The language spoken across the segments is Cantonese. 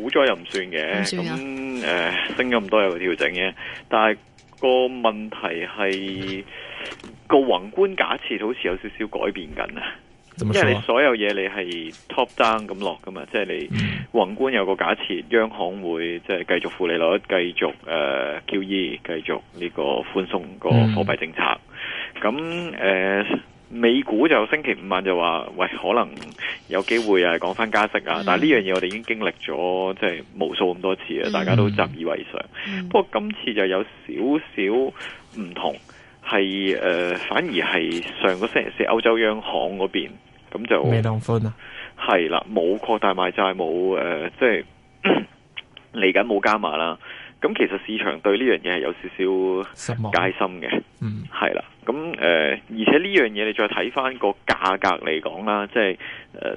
股災又唔算嘅，咁誒、啊呃、升咁多有個調整嘅，但係個問題係個宏觀假設好似有少少改變緊啊，因為你所有嘢你係 top down 咁落噶嘛，即、就、係、是、你宏觀有個假設，央行會即係繼續負利率，繼續誒、呃、QE，繼續呢個寬鬆個貨幣政策，咁誒、嗯。美股就星期五晚就話，喂，可能有機會啊，講翻加息啊，嗯、但係呢樣嘢我哋已經經歷咗，即係無數咁多次啊，大家都習以為常。嗯、不過今次就有少少唔同，係誒、呃，反而係上個星期四歐洲央行嗰邊咁就未當啊，係、呃、啦，冇擴大買債冇，誒，即係嚟緊冇加碼啦。咁其實市場對呢樣嘢係有少少失望、戒心嘅，係係啦。咁、呃、而且呢樣嘢你再睇翻個價格嚟講啦，即係、呃、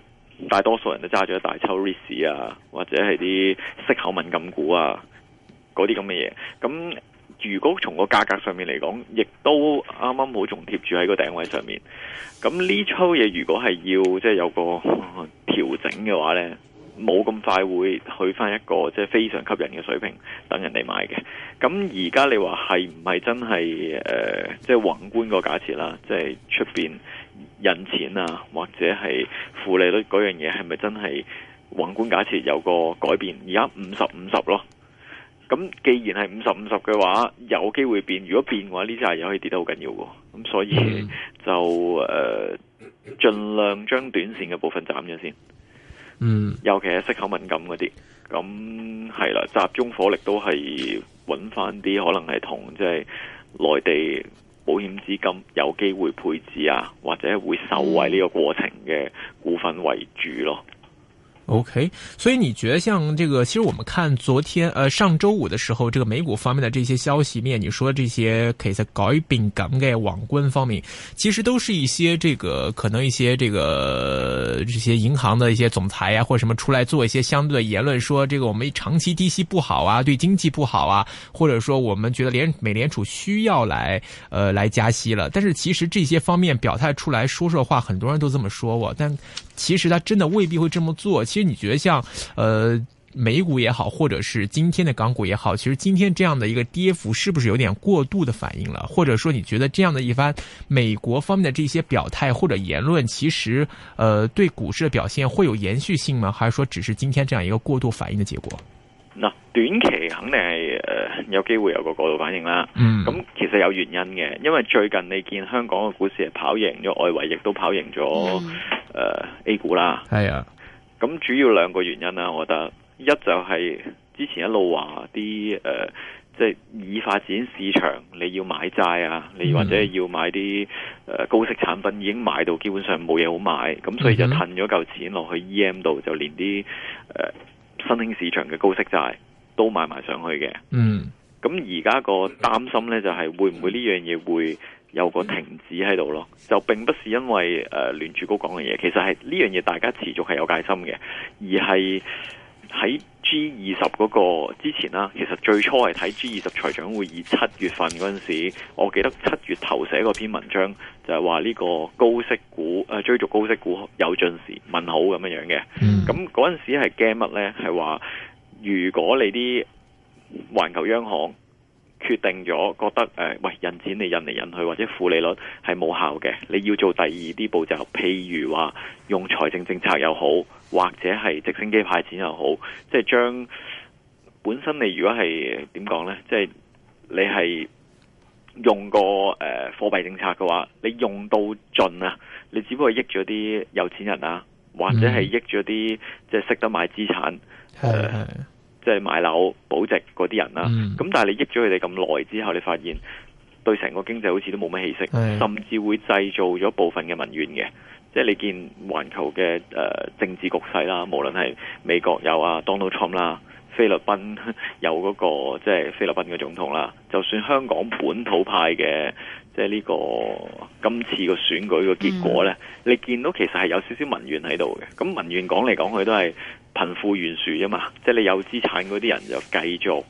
大多數人都揸咗大抽 risk 啊，或者係啲息口敏感股啊嗰啲咁嘅嘢。咁如果從個價格上面嚟講，亦都啱啱好仲貼住喺個頂位上面。咁呢抽嘢如果係要即係、就是、有個調整嘅話呢，冇咁快會去翻一個即係非常吸引嘅水平等人哋買嘅。咁而家你話係唔係真係誒，即、呃、係、就是、宏觀個假設啦，即係出邊印錢啊，或者係負利率嗰樣嘢係咪真係宏觀假設有個改變？而家五十五十咯。咁既然係五十五十嘅話，有機會變。如果變嘅話，呢隻係又可以跌得好緊要。咁所以就誒、呃、盡量將短線嘅部分斬咗先。嗯，尤其係息口敏感嗰啲，咁係啦，集中火力都係揾翻啲可能係同即係內地保險資金有機會配置啊，或者會受惠呢個過程嘅股份為主咯。OK，所以你覺得像這個，其實我們看昨天呃上周五的時候，這個美股方面的這些消息面，你說這些可以在搞一柄改網關方面，其實都是一些這個可能一些這個這些銀行的一些總裁啊，或者什麼出來做一些相對的言論說，說這個我們長期低息不好啊，對經濟不好啊，或者說我們覺得聯美聯儲需要來呃來加息了，但是其實這些方面表態出來說說話，很多人都這麼說我、哦，但其實他真的未必會這麼做，其實。你覺得像呃美股也好，或者是今天的港股也好，其實今天這樣的一個跌幅是不是有點過度的反應了？或者說你覺得這樣的一番美國方面的這些表態或者言論，其實呃對股市的表現會有延續性嗎？還是說只是今天這樣一個過度反應的結果？那短期肯定係呃有機會有個過度反應啦。嗯，咁其實有原因嘅，因為最近你見香港嘅股市係跑贏咗外圍，亦都跑贏咗誒、呃、A 股啦，係啊。咁主要兩個原因啦、啊，我覺得一就係之前一路話啲誒，即係已發展市場，你要買債啊，你或者要買啲誒、呃、高息產品，已經買到基本上冇嘢好買，咁所以就褪咗嚿錢落去 EM 度，就連啲誒、呃、新興市場嘅高息債都買埋上去嘅。嗯，咁而家個擔心呢，就係、係、會唔會呢樣嘢會？有個停止喺度咯，就並不是因為誒聯儲局講嘅嘢，其實係呢樣嘢大家持續係有戒心嘅，而係喺 G 二十嗰個之前啦。其實最初係睇 G 二十財長會議七月份嗰陣時，我記得七月頭寫嗰篇文章就係話呢個高息股誒追逐高息股有陣時問好咁樣嘅。咁嗰陣時係驚乜呢？係話如果你啲環球央行。決定咗覺得誒喂，印、呃、錢你印嚟印去或者負利率係冇效嘅，你要做第二啲步驟，譬如話用財政政策又好，或者係直升機派錢又好，即係將本身你如果係點講呢？即係你係用個誒、呃、貨幣政策嘅話，你用到盡啊，你只不過益咗啲有錢人啊，或者係益咗啲、嗯、即係識得買資產。係。係。即係買樓保值嗰啲人啦、啊，咁、嗯、但係你益咗佢哋咁耐之後，你發現對成個經濟好似都冇乜氣息，的甚至會製造咗部分嘅民怨嘅。即係你見環球嘅誒、呃、政治局勢啦，無論係美國有啊 Donald Trump 啦，菲律賓有嗰、那個即係菲律賓嘅總統啦，就算香港本土派嘅，即係呢、這個今次個選舉個結果呢，嗯、你見到其實係有少少民怨喺度嘅。咁民怨講嚟講去都係。貧富懸殊啊嘛，即係你有資產嗰啲人就繼續，誒、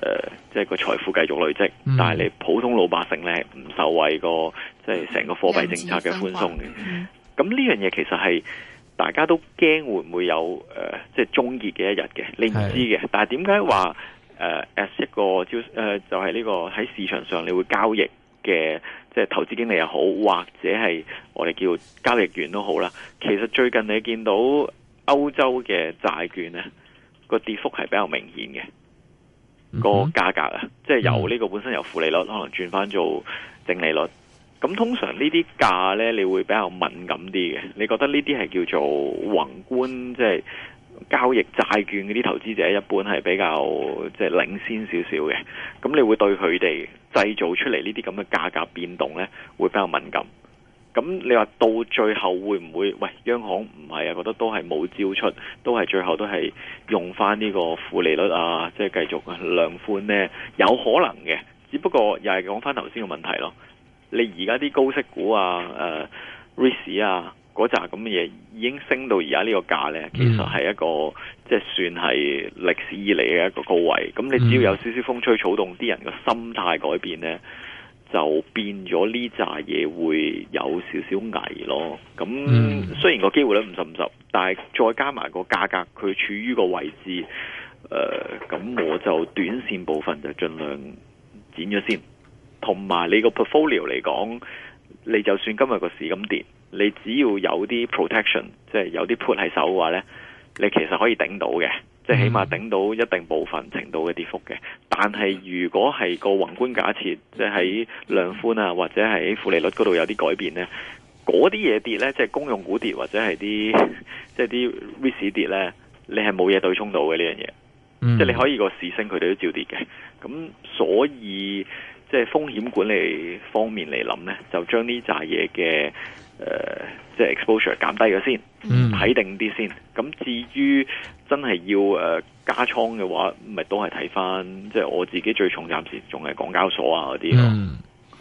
呃，即係個財富繼續累積，嗯、但係你普通老百姓咧係唔受惠個，即係成個貨幣政策嘅寬鬆嘅。咁呢、嗯、樣嘢其實係大家都驚會唔會有，誒、呃，即係終結嘅一日嘅，你唔知嘅。是的但係點解話，誒、呃，As、一個招，誒、呃，就係、是、呢個喺市場上你會交易嘅，即係投資經理又好，或者係我哋叫交易員都好啦。其實最近你見到。歐洲嘅債券呢個跌幅係比較明顯嘅，個，嗯哼，價格啊，即係由呢個本身由負利率可能轉翻做正利率。咁通常呢啲價呢，你會比較敏感啲嘅。你覺得呢啲係叫做宏觀，即係交易債券嗰啲投資者一般係比較即係領先少少嘅。咁你會對佢哋製造出嚟呢啲咁嘅價格變動呢，會比較敏感。咁你話到最後會唔會？喂，央行唔係啊，覺得都係冇招出，都係最後都係用翻呢個負利率啊，即係繼續量寬呢？有可能嘅。只不過又係講翻頭先嘅問題咯。你而家啲高息股啊、誒、啊、REITs 啊嗰扎咁嘅嘢，已經升到而家呢個價呢，其實係一個、mm. 即係算係歷史以嚟嘅一個高位。咁你只要有少少風吹草動，啲人嘅心態改變呢。就變咗呢扎嘢會有少少危咯。咁、嗯、雖然個機會率五十五十，但係再加埋個價格佢處於個位置，誒、呃、咁我就短線部分就盡量剪咗先。同埋你個 portfolio 嚟講，你就算今日個市咁跌，你只要有啲 protection，即係有啲 put 喺手嘅話呢，你其實可以頂到嘅。即係起碼頂到一定部分程度嘅跌幅嘅，但係如果係個宏觀假設，即係喺量寬啊，或者係負利率嗰度有啲改變呢，嗰啲嘢跌呢，即係公用股跌或者係啲即係啲 risk 跌呢，你係冇嘢對沖到嘅呢樣嘢。即係 你可以個市升，佢哋都照跌嘅。咁所以。即係風險管理方面嚟諗呢，就將呢扎嘢嘅誒，即係 exposure 減低咗先，睇定啲先。咁至於真係要誒加倉嘅話，咪都係睇翻。即係我自己最重，暫時仲係港交所啊嗰啲咯。嗯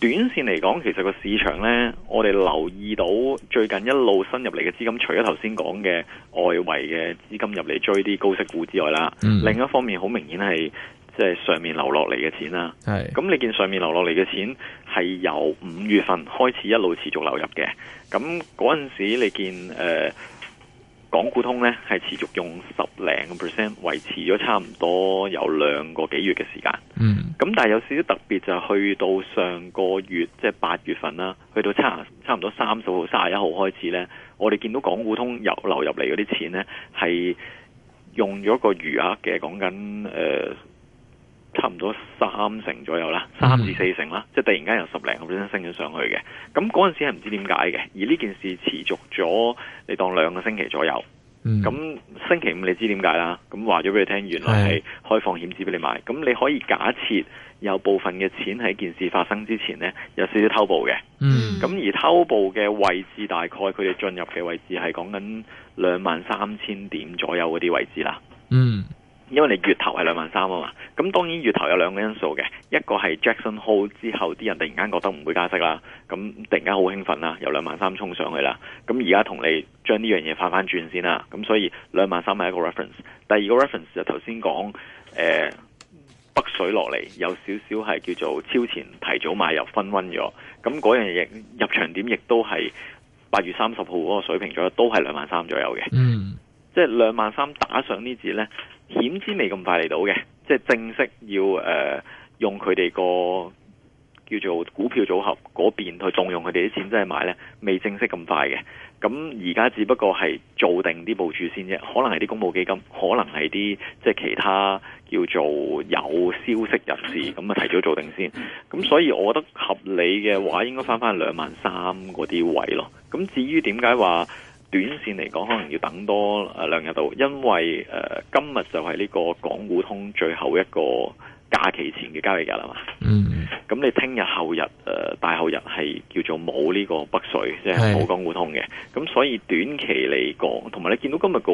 短線嚟講，其實個市場呢，我哋留意到最近一路新入嚟嘅資金，除咗頭先講嘅外圍嘅資金入嚟追啲高息股之外啦，嗯、另一方面好明顯係即係上面流落嚟嘅錢啦。咁是，你見上面流落嚟嘅錢係由五月份開始一路持續流入嘅。咁嗰陣時，你見誒。呃港股通咧，係持續用十零個 percent 維持咗差唔多有兩個幾月嘅時間，咁、嗯、但係有少少特別就係去到上個月即係八月份啦，去到差差唔多三十號、三十一號開始咧，我哋見到港股通流入嚟嗰啲錢咧係用咗個餘額嘅講緊誒。差唔多三成左右啦，三至四成啦，嗯、即係突然間由十零毫升升咗上去嘅。咁嗰陣時係唔知點解嘅，而呢件事持續咗，你當兩個星期左右。咁、嗯、星期五你知點解啦？咁話咗俾你聽，原來係開放險資俾你買，咁、嗯、你可以假設有部分嘅錢喺件事發生之前呢，有少少偷步嘅。咁、嗯、而偷步嘅位置大概佢哋進入嘅位置係講緊兩萬三千點左右嗰啲位置啦。嗯。因為你月頭係兩萬三啊嘛，咁當然月頭有兩個因素嘅，一個係 Jackson Hole 之後，啲人突然間覺得唔會加息啦，咁突然間好興奮啦，由兩萬三衝上去啦，咁而家同你將呢樣嘢翻翻轉先啦，咁所以兩萬三係一個 reference，第二個 reference 就頭先講，誒、呃、北水落嚟有少少係叫做超前提早買入分溫咗，咁嗰樣嘢入場點亦都係八月三十號嗰個水平左右，都係兩萬三左右嘅，嗯，即係兩萬三打上呢節呢。險資未咁快嚟到嘅，即係正式要誒、呃、用佢哋個叫做股票組合嗰邊去動用佢哋啲錢，即係買呢未正式咁快嘅。咁而家只不過係做定啲部署先啫，可能係啲公募基金，可能係啲即係其他叫做有消息人士咁啊，就提早做定先。咁所以，我覺得合理嘅話，應該返返兩萬三嗰啲位咯。咁至於點解話？短線嚟講，可能要等多誒兩、呃、日度，因為誒、呃、今日就係呢個港股通最後一個假期前嘅交易日啦嘛。嗯，咁你聽日後日誒、呃、大後日係叫做冇呢個北水，即係冇港股通嘅。咁是所以短期嚟講，同埋你見到今日個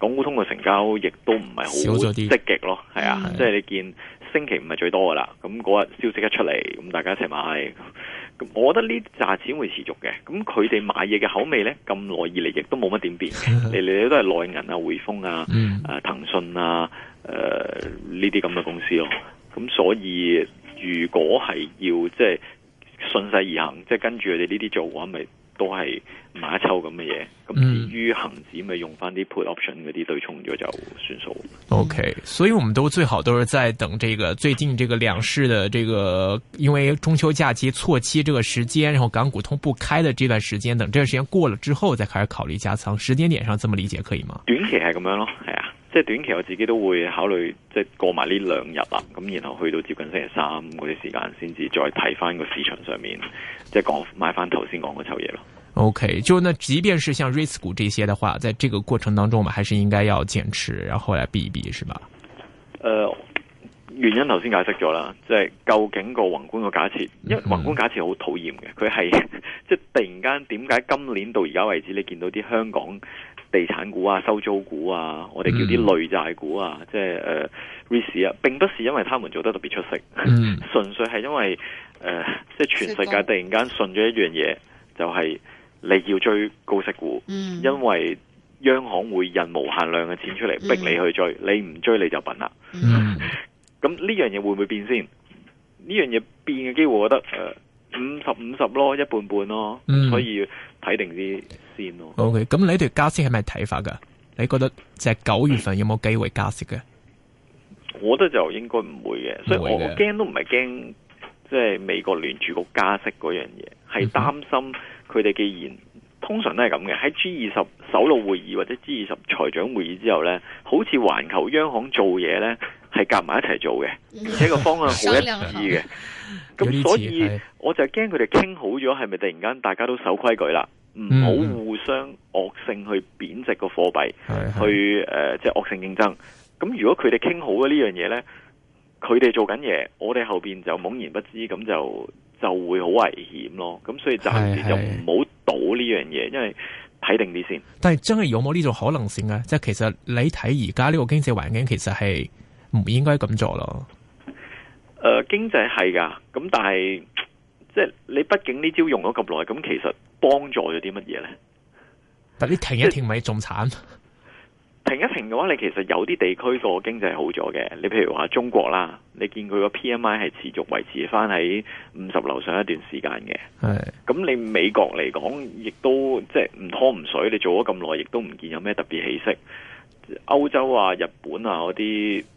港股通嘅成交亦都唔係好積極咯，係啊，即係是你見星期五係最多噶啦。咁嗰日消息一出嚟，咁大家一齊買。我覺得呢紮錢會持續嘅，咁佢哋買嘢嘅口味呢，咁耐以嚟亦都冇乜點變，嗯、你哋都係內銀啊、匯豐啊、誒騰訊啊、誒呢啲咁嘅公司咯。咁、嗯、所以如果係要即係順勢而行，即係跟住佢哋呢啲做，嘅話，咪都係買一抽咁嘅嘢，咁至於恒指咪用翻啲 put option 嗰啲對沖咗就算數。OK，所以我們都最好都是在等這個最近這個兩市的這個因為中秋假期錯期這個時間，然後港股通不開的這段時間，等這段時間過了之後再開始考慮加倉。時間點上這麼理解可以嗎？短期係咁樣咯。即係短期我自己都會考慮，即係過埋呢兩日啦，咁然後去到接近星期三嗰啲時間，先至再睇翻個市場上面，即係講買翻頭先講嗰抽嘢咯。OK，就那即便是像 risk 股這些的話，在這個過程當中，我們還是應該要堅持，然後來避一避，是吧？誒、呃，原因頭先解釋咗啦，即係究竟個宏觀個假設，因為宏觀假設好討厭嘅，佢係即係突然間點解今年到而家為止，你見到啲香港？地產股啊、收租股啊，我哋叫啲累債股啊，嗯、即係誒、uh, risk 啊，並不是因為他們做得特別出色，純、嗯、粹係因為誒，uh, 即係全世界突然間信咗一樣嘢，就係、是、你要追高息股，嗯、因為央行會印無限量嘅錢出嚟逼你去追，嗯、你唔追你就笨啦。咁呢、嗯嗯、樣嘢會唔會變先？呢樣嘢變嘅機會，我覺得五十五十咯，一半半咯，所、嗯、以睇定啲。O K，咁你對加息係咩睇法噶？你覺得即係九月份有冇機會加息嘅？我覺得就應該唔會嘅，所以我驚都唔係驚，即係美國聯儲局加息嗰樣嘢，係擔心佢哋既然通常都係咁嘅，喺 G 二十首腦會議或者 G 二十財長會議之後呢，好似環球央行做嘢呢係夾埋一齊做嘅，而且個方向好一致嘅，咁所以我就驚佢哋傾好咗，係咪突然間大家都守規矩啦？唔好、嗯、互相惡性去貶值個貨幣，是是去誒即係惡性競爭。咁如果佢哋傾好咗呢樣嘢呢，佢哋做緊嘢，我哋後邊就懵然不知，咁就就會好危險咯。咁所以暫時就唔好賭呢樣嘢，是是因為睇定啲先。但係真係有冇呢種可能性咧？即、就、係、是、其實你睇而家呢個經濟環境，其實係唔應該咁做咯。誒、呃，經濟係噶，咁但係即係你畢竟呢招用咗咁耐，咁其實。幫助咗啲乜嘢呢？但你停一停咪仲慘，停一停嘅話，你其實有啲地區個經濟好咗嘅。你譬如話中國啦，你見佢個 PMI 係持續維持翻喺五十樓上一段時間嘅。係咁，你美國嚟講亦都即係唔拖唔水，你做咗咁耐，亦都唔見有咩特別氣息。歐洲啊、日本啊嗰啲。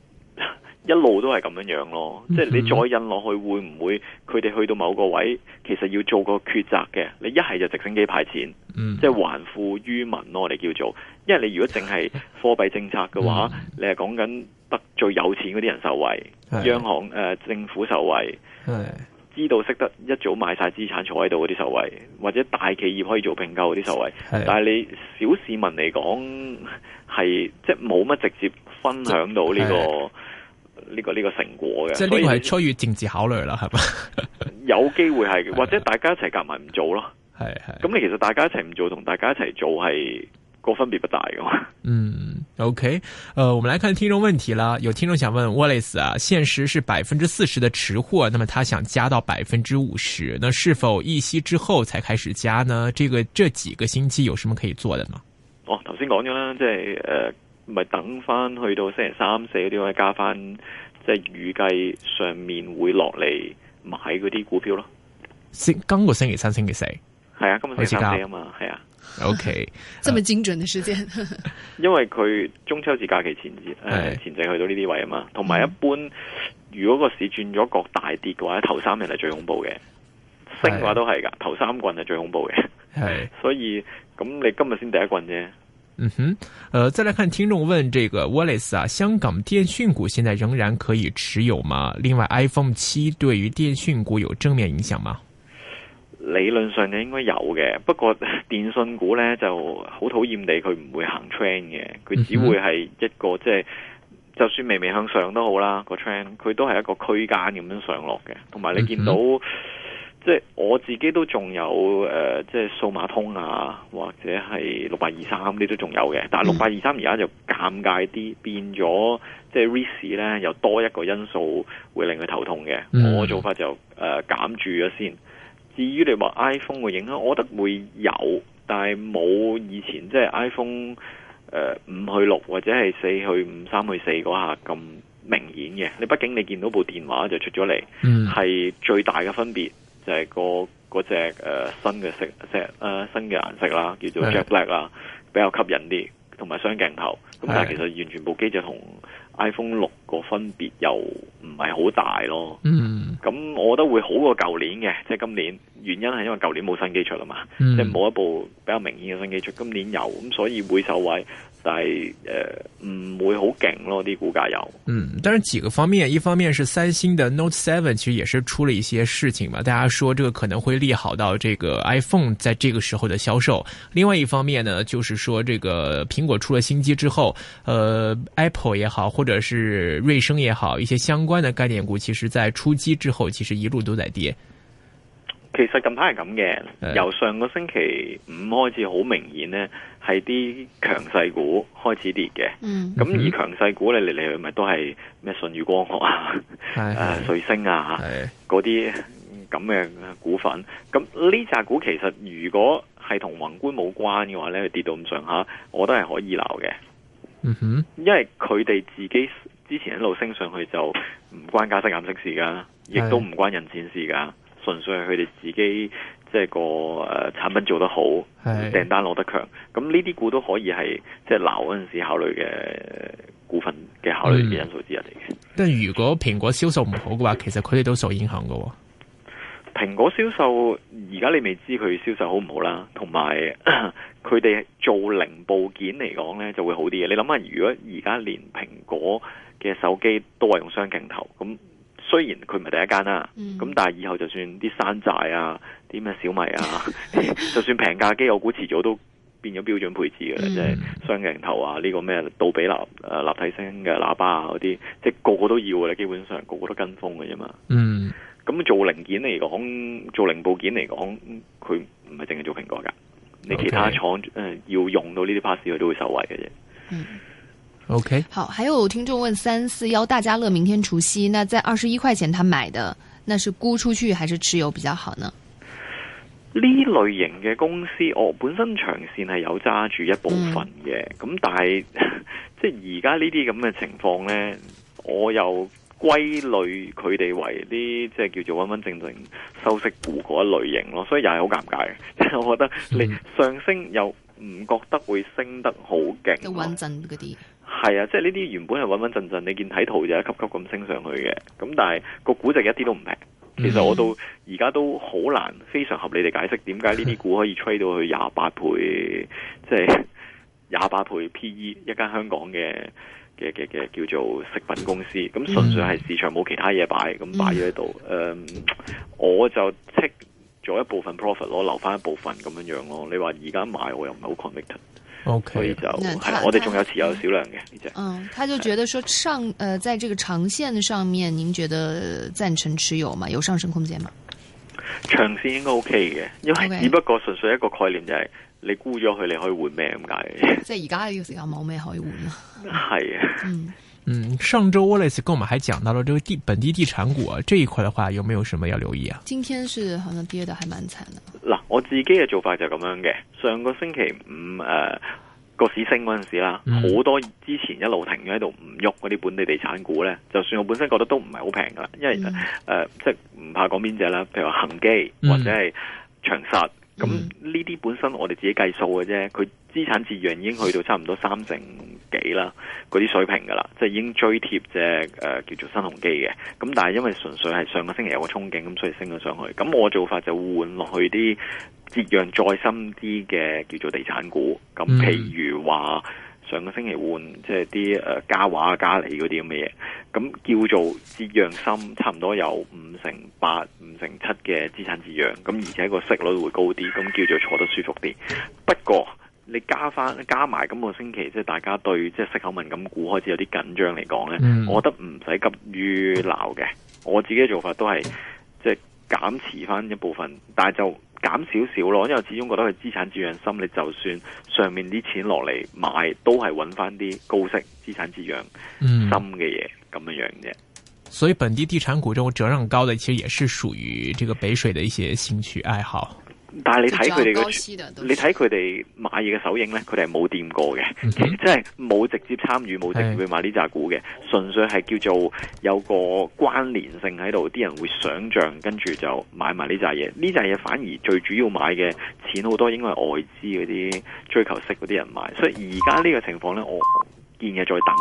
一路都係咁樣樣咯，即係你再印落去會唔會佢哋去到某個位，其實要做個抉擇嘅。你一係就直升機派錢，嗯、即係還富於民咯，我哋叫做。因為你如果淨係貨幣政策嘅話，嗯、你係講緊得最有錢嗰啲人受惠，的央行誒、呃、政府受惠，的知道識得一早買晒資產坐喺度嗰啲受惠，或者大企業可以做併購嗰啲受惠。的但係你小市民嚟講，係即係冇乜直接分享到呢、這個。呢、這個呢、這個成果嘅，即係呢個係超越政治考慮啦，係咪？有機會係， 或者大家一齊夾埋唔做咯，係係。咁你其實大家一齊唔做同大家一齊做係個分別不大嘅嘛，嗯，OK，誒、呃，我們來看聽眾問題啦。有聽眾想問 Wallace 啊，現實是百分之四十的持貨，那麼他想加到百分之五十，那是否一息之後才開始加呢？這個這幾個星期有什麼可以做的嗎？哦，頭先講咗啦，即係誒。呃咪等翻去到星期三四嗰啲位加翻，即係預計上面會落嚟買嗰啲股票咯。今個星期三、星期四，係啊，今個星期三四啊嘛，係啊。O K。咁精準嘅時間， 因為佢中秋節假期前節，係 是前陣去到呢啲位啊嘛。同埋一般，如果個市轉咗個大跌嘅話，頭三日係最恐怖嘅。是升嘅話都係噶，頭三棍係最恐怖嘅。係是，所以咁你今日先第一棍啫。嗯哼，誒、呃，再來看聽眾問這個 Wallace 啊，香港電訊股現在仍然可以持有嗎？另外 iPhone 七對於電訊股有正面影響嗎？理論上咧應該有嘅，不過電訊股呢就好討厭地佢唔會行 train 嘅，佢只會係一個即係、嗯哼就是、就算微微向上都好啦個 train，佢都係一個區間咁樣上落嘅，同埋你見到。嗯即係我自己都仲有誒、呃，即係數碼通啊，或者係六百二三啲都仲有嘅。但係六百二三而家就尷尬啲，變咗即係 r i s 呢，咧，又多一個因素會令佢頭痛嘅。我做法就誒減、呃、住咗先。至於你話 iPhone 嘅影響，我覺得會有，但係冇以前即係 iPhone 誒、呃、五去六或者係四去五三去四嗰下咁明顯嘅。你畢竟你見到部電話就出咗嚟，係、嗯、最大嘅分別。就係個隻誒、新嘅色、呃、新嘅色誒、新嘅顏色啦，叫做 Jet Black 啦，比較吸引啲，同埋雙鏡頭。咁的但係其實完全部機就同 iPhone 六個分別又唔係好大咯。嗯，咁我覺得會好過舊年嘅，即係今年。原因係因為舊年冇新機出啦嘛，即係冇一部比較明顯嘅新機出，今年有，咁所以會受惠，但係誒唔會好勁咯啲股價有。嗯，但是幾個方面，一方面是三星的 Note Seven 其實也是出了一些事情嘛，大家說這個可能會利好到這個 iPhone 在這個時候的銷售。另外一方面呢，就是說這個蘋果出了新機之後，呃 Apple 也好，或者是瑞聲也好，一些相關的概念股，其實在出機之後，其實一路都在跌。其實近排係咁嘅，由上個星期五開始好明顯呢係啲強勢股開始跌嘅。咁、嗯、哼而強勢股你嚟嚟去去都係咩舜宇光學啊、嗯、哼啊、瑞星啊嗰啲咁嘅股份。咁呢隻股其實如果係同宏觀冇關嘅話佢跌到咁上下，我都係可以撈嘅。嗯、哼因為佢哋自己之前一路升上去就唔關加息減息事噶，亦都唔關人錢事噶。純粹係佢哋自己即係個誒產品做得好，是訂單攞得，得強，咁呢啲股都可以係即係鬧嗰陣時考慮嘅股份嘅考慮嘅因素之一嚟嘅、嗯。但係如果蘋果銷售唔好嘅話，其實佢哋都受影響嘅。蘋果銷售而家你未知佢銷售好唔好啦，同埋佢哋做零部件嚟講咧就會好啲嘅。你諗下，如果而家連蘋果嘅手機都係用雙鏡頭咁。雖然佢唔係第一間啦，咁、嗯、但係以後就算啲山寨啊、啲咩小米啊， 就算平價機，我估遲早都變咗標準配置嘅啦，嗯、即係雙鏡頭啊、呢、呢個咩杜比立誒立體聲嘅喇叭啊嗰啲，即係個個都要嘅咧，基本上個個都跟風嘅啫嘛。嗯，咁做零件嚟講，做零部件嚟講，佢唔係淨係做蘋果㗎，你 Okay 其他廠誒要用到呢啲 parts 佢都會受惠嘅啫。嗯。OK，好，還有聽眾問三四幺大家樂，明天除夕，那在二十一塊錢，他買的，那是沽出去還是持有比較好呢？呢類型嘅公司，我本身長線係有揸住一部分嘅，咁、嗯、但係即係而家呢啲咁嘅情況呢，我又歸類佢哋為啲即係叫做穩穩正正收息股嗰一類型咯，所以又係好尷尬嘅，即係我覺得你上升又唔覺得會升得好勁，穩陣嗰啲。係啊，即係呢啲原本係穩穩陣陣，你見睇圖就一級級咁升上去嘅。咁但係個估值，一啲都唔平。其實我到而家都好難，非常合理地解釋點解呢啲股可以吹到去廿八倍，即係廿八倍 PE，一間香港嘅嘅嘅嘅叫做食品公司。咁純粹係市場冇其他嘢擺，咁擺咗喺度。誒、嗯，um, 我就 take 咗一部分 profit 咯，留翻一部分咁樣樣咯。你話而家買我又唔係好 convinced O Okay . K，就係我哋仲有持有少量嘅。嗯，他就覺得說上，誒的、呃，在這個長線上面，您覺得贊成持有嘛？有上升空間嗎？長線應該 O K 嘅，因為 Okay. 只不過純粹一個概念就係、是、你估沽咗佢，你可以換咩咁解。即係而家呢個時間冇咩可以換咯。係啊的。嗯嗯，上周 Wallace 跟我們還講到了這個地本地地產股啊，這一塊的話，有沒有什麼要留意啊？今天是好像跌得還蠻慘的。嗱，我自己嘅做法就咁樣嘅。上個星期五誒、嗯呃，個市升嗰陣時啦，好、嗯、多之前一路停喺度唔喐嗰啲本地地產股咧，就算我本身覺得都唔係好平噶啦，因為誒、嗯呃，即係唔怕講邊隻啦，譬如話恒基、嗯、或者係長實，咁呢啲本身我哋自己計數嘅啫，佢資產折讓已經去到差唔多三成。幾啦？嗰啲水平噶啦，即係已經追貼隻誒叫做新鴻基嘅。咁但係因為純粹係上個星期有個憧憬，咁所以升咗上去。咁我做法就換落去啲折讓再深啲嘅叫做地產股。咁譬如話上個星期換即係啲誒嘉華、嘉里嗰啲咁嘅嘢。咁叫做折讓深，差唔多有五成八、五成七嘅資產折讓。咁而且個息率會高啲，咁叫做坐得舒服啲。不過你加翻加埋今個星期，即係大家對即係息口敏感股開始有啲緊張嚟講咧，嗯、我覺得唔使急於鬧嘅。我自己嘅做法都係即係減持翻一部分，但係就減少少咯。因為我始終覺得佢資產滋養心，你就算上面啲錢落嚟買，都係揾翻啲高息資產滋養心嘅嘢，咁樣樣嘅。所以本地地產股中折讓高的，其實也是屬於這個北水的一些興趣愛好。但係你睇佢哋嘅，你睇佢哋買嘢嘅手影咧，佢哋係冇掂過嘅，Okay. 即係冇直接參與、冇直接去買呢隻股嘅，純 Yeah. 粹係叫做有個關聯性喺度，啲人會想象，跟住就買埋呢隻嘢。呢隻嘢反而最主要買嘅錢好多應該是那些，應該係外資嗰啲追求息嗰啲人買，所以而家呢個情況咧，我建議再等。